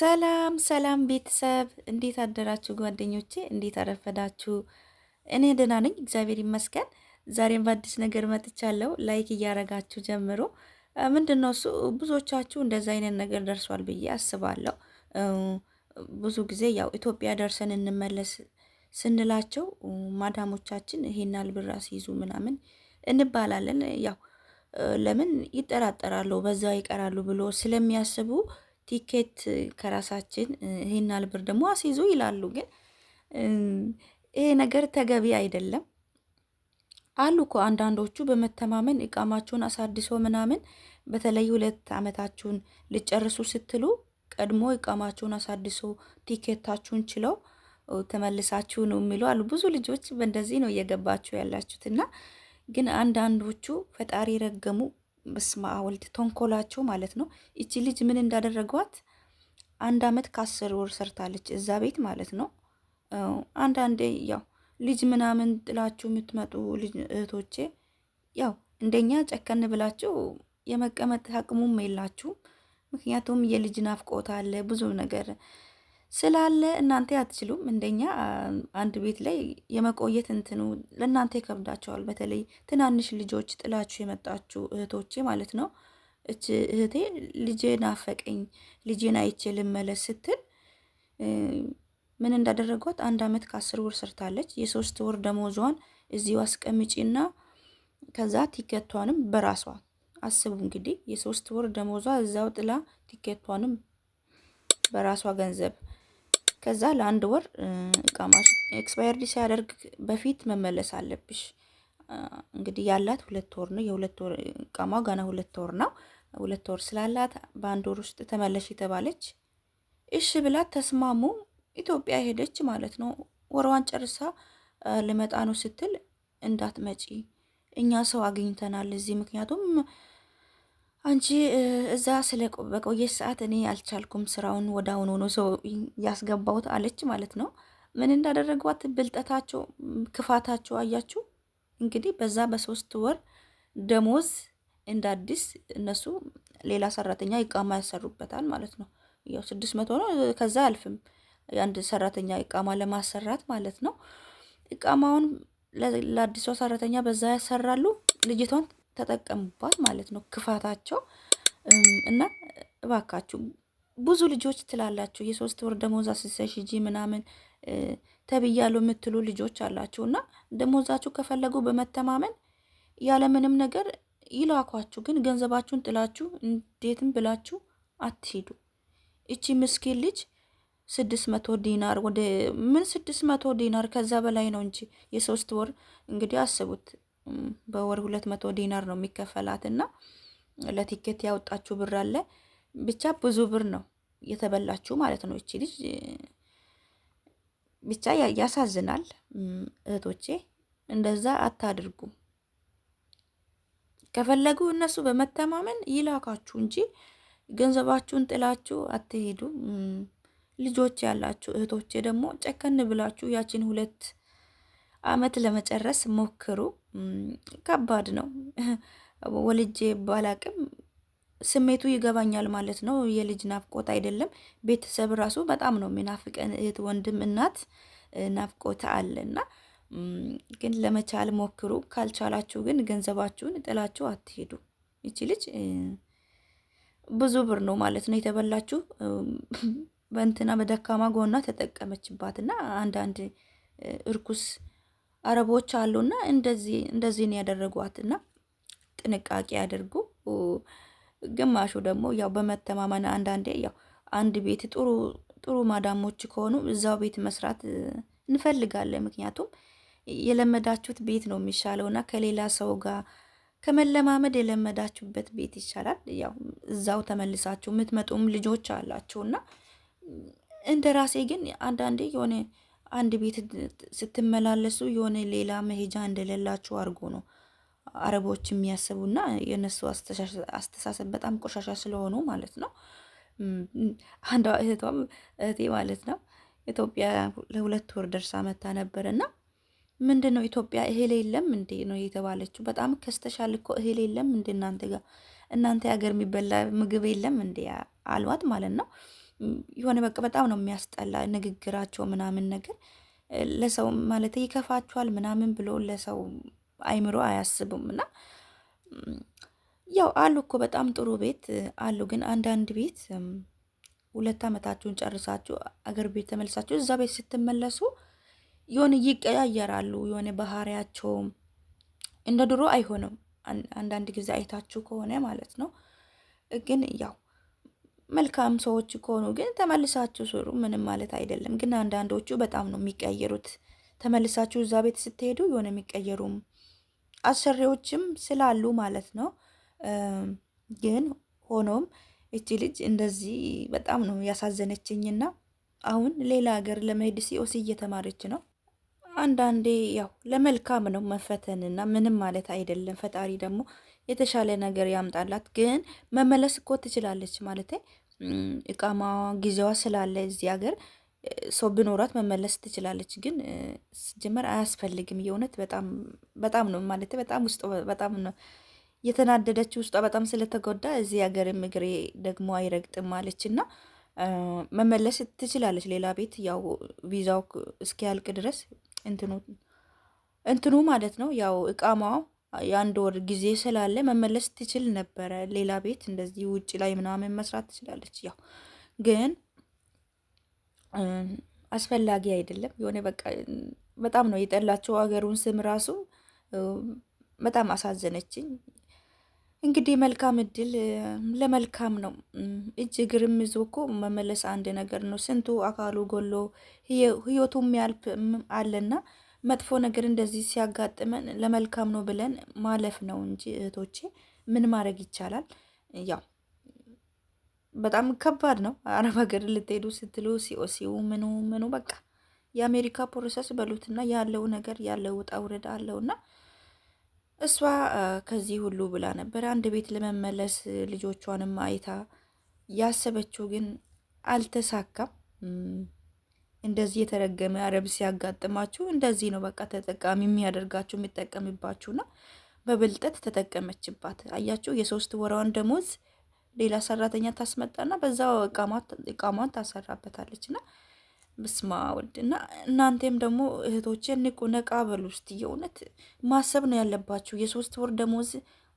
ሰላም ሰላም ቤተሰብ እንዴት አደራችሁ? ጓደኞቼ እንዴት አረፈዳችሁ? እኔ ደህና ነኝ፣ እግዚአብሔር ይመስገን። ዛሬም በአዲስ ነገር መጥቻለሁ። ላይክ እያረጋችሁ ጀምሮ ምንድን ነው እሱ ብዙዎቻችሁ እንደዚ አይነት ነገር ደርሷል ብዬ አስባለሁ። ብዙ ጊዜ ያው ኢትዮጵያ ደርሰን እንመለስ ስንላቸው ማዳሞቻችን ይሄን አልብራ ሲይዙ ምናምን እንባላለን። ያው ለምን ይጠራጠራሉ፣ በዛ ይቀራሉ ብሎ ስለሚያስቡ ቲኬት ከራሳችን ይህን አልብር ደግሞ አስይዙ ይላሉ። ግን ይሄ ነገር ተገቢ አይደለም አሉ እኮ አንዳንዶቹ በመተማመን እቃማችሁን አሳድሶ ምናምን በተለይ ሁለት ዓመታችሁን ልጨርሱ ስትሉ ቀድሞ እቃማችሁን አሳድሶ ቲኬታችሁን ችለው ተመልሳችሁ ነው የሚሉ አሉ። ብዙ ልጆች በእንደዚህ ነው እየገባችሁ ያላችሁት እና ግን አንዳንዶቹ ፈጣሪ ረገሙ በስመ አብ ወልድ ተንኮላቸው ማለት ነው። እቺ ልጅ ምን እንዳደረጓት አንድ አመት ከአስር ወር ሰርታለች እዛ ቤት ማለት ነው። አንዳንዴ ያው ልጅ ምናምን ጥላችሁ የምትመጡ ልጅ እህቶቼ ያው እንደኛ ጨከን ብላችሁ የመቀመጥ አቅሙም የላችሁም። ምክንያቱም የልጅ ናፍቆት አለ ብዙ ነገር ስላለ እናንተ አትችሉም። እንደኛ አንድ ቤት ላይ የመቆየት እንትኑ ለእናንተ ይከብዳቸዋል። በተለይ ትናንሽ ልጆች ጥላችሁ የመጣችሁ እህቶቼ ማለት ነው። እች እህቴ ልጄ ናፈቀኝ፣ ልጄን አይቼ ልመለስ ስትል ምን እንዳደረጓት አንድ አመት ከአስር ወር ሰርታለች። የሶስት ወር ደሞዟን እዚሁ አስቀምጪና ከዛ ቲኬቷንም በራሷ አስቡ እንግዲህ የሶስት ወር ደሞዟ እዛው ጥላ ቲኬቷንም በራሷ ገንዘብ ከዛ ለአንድ ወር ቃማ ኤክስፓየርድ ሲያደርግ በፊት መመለስ አለብሽ። እንግዲህ ያላት ሁለት ወር ነው። የሁለት ወር ቃማ ገና ሁለት ወር ነው። ሁለት ወር ስላላት በአንድ ወር ውስጥ ተመለሽ የተባለች እሺ ብላት ተስማሙ። ኢትዮጵያ ሄደች ማለት ነው። ወርዋን ጨርሳ ልመጣ ነው ስትል እንዳትመጪ እኛ ሰው አግኝተናል እዚህ ምክንያቱም አንቺ እዛ ስለ በቆየሽ ሰዓት እኔ አልቻልኩም፣ ስራውን ወደ አሁኑ ነው ሰው ያስገባውት አለች ማለት ነው። ምን እንዳደረጓት ብልጠታቸው፣ ክፋታቸው አያችሁ እንግዲህ። በዛ በሶስት ወር ደሞዝ እንደ አዲስ እነሱ ሌላ ሰራተኛ ይቃማ ያሰሩበታል ማለት ነው። ያው ስድስት መቶ ነው፣ ከዛ አልፍም የአንድ ሰራተኛ ይቃማ ለማሰራት ማለት ነው። ይቃማውን ለአዲሷ ሰራተኛ በዛ ያሰራሉ ልጅቷን ተጠቀሙባት ማለት ነው ክፋታቸው እና እባካችሁ ብዙ ልጆች ትላላችሁ የሶስት ወር ደሞዛ ስሰሽ እጂ ምናምን ተብያለሁ የምትሉ ልጆች አላችሁ እና ደሞዛችሁ ከፈለጉ በመተማመን ያለምንም ነገር ይላኳችሁ። ግን ገንዘባችሁን ጥላችሁ እንዴትም ብላችሁ አትሂዱ። እቺ ምስኪን ልጅ ስድስት መቶ ዲናር ወደ ምን ስድስት መቶ ዲናር ከዛ በላይ ነው እንጂ የሶስት ወር እንግዲህ አስቡት በወር ሁለት መቶ ዲናር ነው የሚከፈላት እና ለቲኬት ያወጣችሁ ብር አለ ብቻ ብዙ ብር ነው የተበላችሁ ማለት ነው። እቺ ልጅ ብቻ ያሳዝናል። እህቶቼ እንደዛ አታድርጉ። ከፈለጉ እነሱ በመተማመን ይላካችሁ እንጂ ገንዘባችሁን ጥላችሁ አትሄዱ። ልጆች ያላችሁ እህቶቼ ደግሞ ጨከን ብላችሁ ያችን ሁለት አመት ለመጨረስ ሞክሩ። ከባድ ነው። ወልጄ ባላቅም ስሜቱ ይገባኛል ማለት ነው። የልጅ ናፍቆት አይደለም ቤተሰብ ራሱ በጣም ነው የሚናፍቀን። እህት፣ ወንድም፣ እናት ናፍቆት አለ እና ግን ለመቻል ሞክሩ። ካልቻላችሁ ግን ገንዘባችሁን ጥላችሁ አትሄዱ። ይቺ ልጅ ብዙ ብር ነው ማለት ነው የተበላችሁ። በእንትና በደካማ ተጠቀመችባት ተጠቀመችባትና አንዳንድ እርኩስ አረቦች አሉና እንደዚህ እንደዚህ ነው ያደረጓትና ጥንቃቄ አድርጉ። ግማሹ ደግሞ ያው በመተማመን አንዳንዴ ያው አንድ ቤት ጥሩ ጥሩ ማዳሞች ከሆኑ እዛው ቤት መስራት እንፈልጋለን። ምክንያቱም የለመዳችሁት ቤት ነው የሚሻለውና ከሌላ ሰው ጋር ከመለማመድ የለመዳችሁበት ቤት ይሻላል። ያው እዛው ተመልሳችሁ የምትመጡም ልጆች አላችሁና እንደ ራሴ ግን አንዳንዴ የሆነ አንድ ቤት ስትመላለሱ የሆነ ሌላ መሄጃ እንደሌላችሁ አድርጎ ነው አረቦች የሚያስቡና የእነሱ አስተሳሰብ በጣም ቆሻሻ ስለሆኑ ማለት ነው። አንዷ እህቷም እህቴ ማለት ነው ኢትዮጵያ ለሁለት ወር ደርሳ መታ ነበርና ምንድን ነው ኢትዮጵያ እህል የለም እንዴ ነው የተባለችው። በጣም ከስተሻል እኮ እህል የለም እንደ እናንተ ጋር እናንተ ሀገር የሚበላ ምግብ የለም እንዴ አልዋት ማለት ነው። የሆነ በቃ በጣም ነው የሚያስጠላ ንግግራቸው ምናምን ነገር ለሰው ማለት ይከፋቸዋል ምናምን ብሎ ለሰው አይምሮ አያስቡም። እና ያው አሉ እኮ በጣም ጥሩ ቤት አሉ፣ ግን አንዳንድ ቤት ሁለት ዓመታችሁን ጨርሳችሁ አገር ቤት ተመልሳችሁ እዛ ቤት ስትመለሱ የሆነ ይቀያየራሉ። የሆነ ባህሪያቸው እንደ ድሮ አይሆንም። አንዳንድ ጊዜ አይታችሁ ከሆነ ማለት ነው። ግን ያው መልካም ሰዎች ከሆኑ ግን ተመልሳችሁ ስሩ፣ ምንም ማለት አይደለም። ግን አንዳንዶቹ በጣም ነው የሚቀየሩት። ተመልሳችሁ እዛ ቤት ስትሄዱ የሆነ የሚቀየሩም አሰሪዎችም ስላሉ ማለት ነው። ግን ሆኖም እቺ ልጅ እንደዚህ በጣም ነው ያሳዘነችኝና አሁን ሌላ ሀገር ለመሄድ ሲኦሲ እየተማረች ነው። አንዳንዴ ያው ለመልካም ነው መፈተንና ምንም ማለት አይደለም። ፈጣሪ ደግሞ የተሻለ ነገር ያምጣላት። ግን መመለስ እኮ ትችላለች ማለት እቃማ ጊዜዋ ስላለ እዚህ ሀገር ሰው ብኖራት መመለስ ትችላለች። ግን ጀመር አያስፈልግም። የእውነት በጣም ነው ማለት በጣም ውስጥ በጣም ነው የተናደደች ውስጧ በጣም ስለተጎዳ እዚህ ሀገር ምግሬ ደግሞ አይረግጥም አለች እና መመለስ ትችላለች። ሌላ ቤት ያው ቪዛው እስኪያልቅ ድረስ እንትኑ እንትኑ ማለት ነው ያው እቃማው የአንድ ወር ጊዜ ስላለ መመለስ ትችል ነበረ። ሌላ ቤት እንደዚህ ውጭ ላይ ምናምን መስራት ትችላለች። ያው ግን አስፈላጊ አይደለም። የሆነ በቃ በጣም ነው የጠላቸው ሀገሩን ስም ራሱ በጣም አሳዘነችኝ። እንግዲህ መልካም እድል ለመልካም ነው። እጅ እግርም ይዞ እኮ መመለስ አንድ ነገር ነው። ስንቱ አካሉ ጎሎ ህይወቱ ያልፍ አለና መጥፎ ነገር እንደዚህ ሲያጋጥመን ለመልካም ነው ብለን ማለፍ ነው እንጂ እህቶቼ፣ ምን ማድረግ ይቻላል? ያው በጣም ከባድ ነው። አረብ ሀገር ልትሄዱ ስትሉ ሲኦሲው ምኑ ምኑ በቃ የአሜሪካ ፕሮሰስ በሉትና ያለው ነገር ያለው ውጣ ውረድ አለውና እሷ ከዚህ ሁሉ ብላ ነበር አንድ ቤት ለመመለስ ልጆቿንም አይታ ያሰበችው ግን አልተሳካም። እንደዚህ የተረገመ አረብ ሲያጋጥማችሁ እንደዚህ ነው በቃ ተጠቃሚ የሚያደርጋችሁ የሚጠቀምባችሁና በብልጠት ተጠቀመችባት። አያችሁ የሶስት ወራዋን ደሞዝ ሌላ ሰራተኛ ታስመጣና በዛ እቃሟን ታሰራበታለች። ና ብስማ ውድ እና እናንተም ደግሞ እህቶቼ ንቁ፣ ነቃ በሉ ውስጥ የእውነት ማሰብ ነው ያለባችሁ። የሶስት ወር ደሞዝ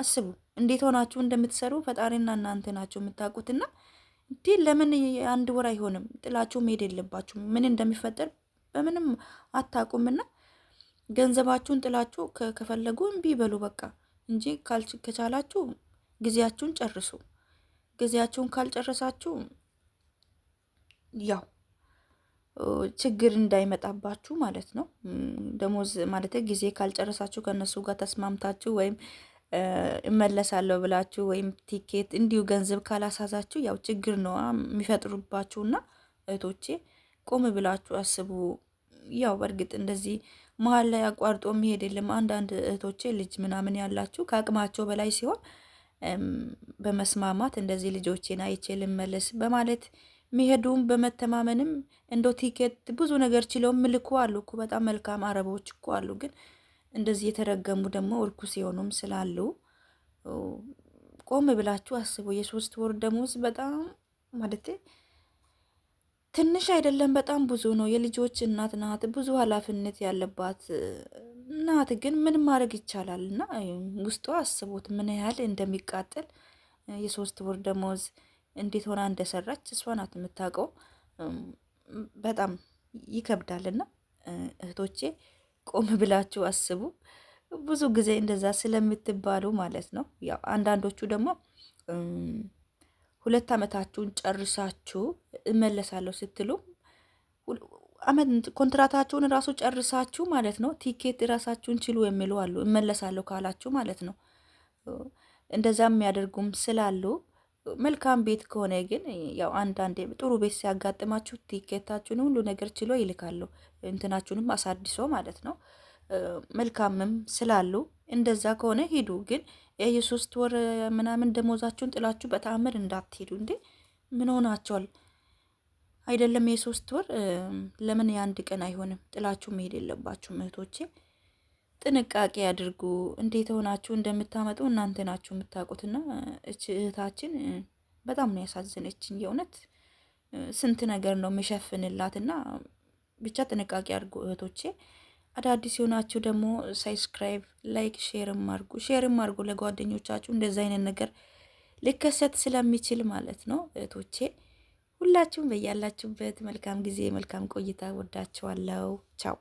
አስቡ። እንዴት ሆናችሁ እንደምትሰሩ ፈጣሪና እናንተ ናቸው የምታውቁትና እንዲ ለምን አንድ ወር አይሆንም? ጥላችሁ መሄድ የለባችሁም። ምን እንደሚፈጠር በምንም አታውቁምና ገንዘባችሁን ጥላችሁ ከፈለጉ እምቢ በሉ በቃ እንጂ ከቻላችሁ ጊዜያችሁን ጨርሱ። ጊዜያችሁን ካልጨረሳችሁ ያው ችግር እንዳይመጣባችሁ ማለት ነው። ደሞዝ ማለት ጊዜ ካልጨረሳችሁ ከእነሱ ጋር ተስማምታችሁ ወይም እመለሳለሁ ብላችሁ ወይም ቲኬት እንዲሁ ገንዘብ ካላሳዛችሁ ያው ችግር ነው የሚፈጥሩባችሁና እህቶቼ ቆም ብላችሁ አስቡ። ያው በእርግጥ እንደዚህ መሀል ላይ አቋርጦ መሄድ የለም። አንዳንድ እህቶቼ ልጅ ምናምን ያላችሁ ከአቅማቸው በላይ ሲሆን በመስማማት እንደዚህ ልጆቼን አይቼ ልመለስ በማለት ሚሄዱም በመተማመንም እንደ ቲኬት ብዙ ነገር ችለውም ምልኩ አሉ እኮ በጣም መልካም አረቦች እኮ አሉ ግን እንደዚህ የተረገሙ ደግሞ እርኩስ የሆኑም ስላሉ ቆም ብላችሁ አስቡ። የሶስት ወር ደሞዝ በጣም ማለት ትንሽ አይደለም፣ በጣም ብዙ ነው። የልጆች እናት ናት፣ ብዙ ኃላፊነት ያለባት ናት። ግን ምን ማድረግ ይቻላል? እና ውስጧ አስቦት ምን ያህል እንደሚቃጠል የሶስት ወር ደሞዝ እንዴት ሆና እንደሰራች እሷ ናት የምታውቀው። በጣም ይከብዳልና እህቶቼ ቆም ብላችሁ አስቡ። ብዙ ጊዜ እንደዛ ስለምትባሉ ማለት ነው። ያው አንዳንዶቹ ደግሞ ሁለት ዓመታችሁን ጨርሳችሁ እመለሳለሁ ስትሉ ኮንትራታችሁን እራሱ ጨርሳችሁ ማለት ነው። ቲኬት ራሳችሁን ችሉ የሚሉ አሉ። እመለሳለሁ ካላችሁ ማለት ነው። እንደዛ የሚያደርጉም ስላሉ መልካም ቤት ከሆነ ግን ያው አንዳንዴ ጥሩ ቤት ሲያጋጥማችሁ ቲኬታችሁን ሁሉ ነገር ችሎ ይልካሉ። እንትናችሁንም አሳድሶ ማለት ነው። መልካምም ስላሉ እንደዛ ከሆነ ሂዱ። ግን የሶስት ወር ምናምን ደሞዛችሁን ጥላችሁ በተአምር እንዳትሄዱ እንዴ! ምን ሆናቸዋል? አይደለም የሶስት ወር ለምን የአንድ ቀን አይሆንም? ጥላችሁ መሄድ የለባችሁ እህቶቼ። ጥንቃቄ አድርጉ። እንዴት ሆናችሁ እንደምታመጡ እናንተ ናችሁ የምታውቁትና እች እህታችን በጣም ነው ያሳዘነችኝ። የእውነት ስንት ነገር ነው የምሸፍንላትና ብቻ ጥንቃቄ አድርጉ እህቶቼ። አዳዲስ የሆናችሁ ደግሞ ሳብስክራይብ፣ ላይክ፣ ሼርም አድርጉ ሼርም አድርጉ ለጓደኞቻችሁ። እንደዚ አይነት ነገር ሊከሰት ስለሚችል ማለት ነው እህቶቼ። ሁላችሁም በያላችሁበት መልካም ጊዜ፣ መልካም ቆይታ። ወዳችኋለሁ። ቻው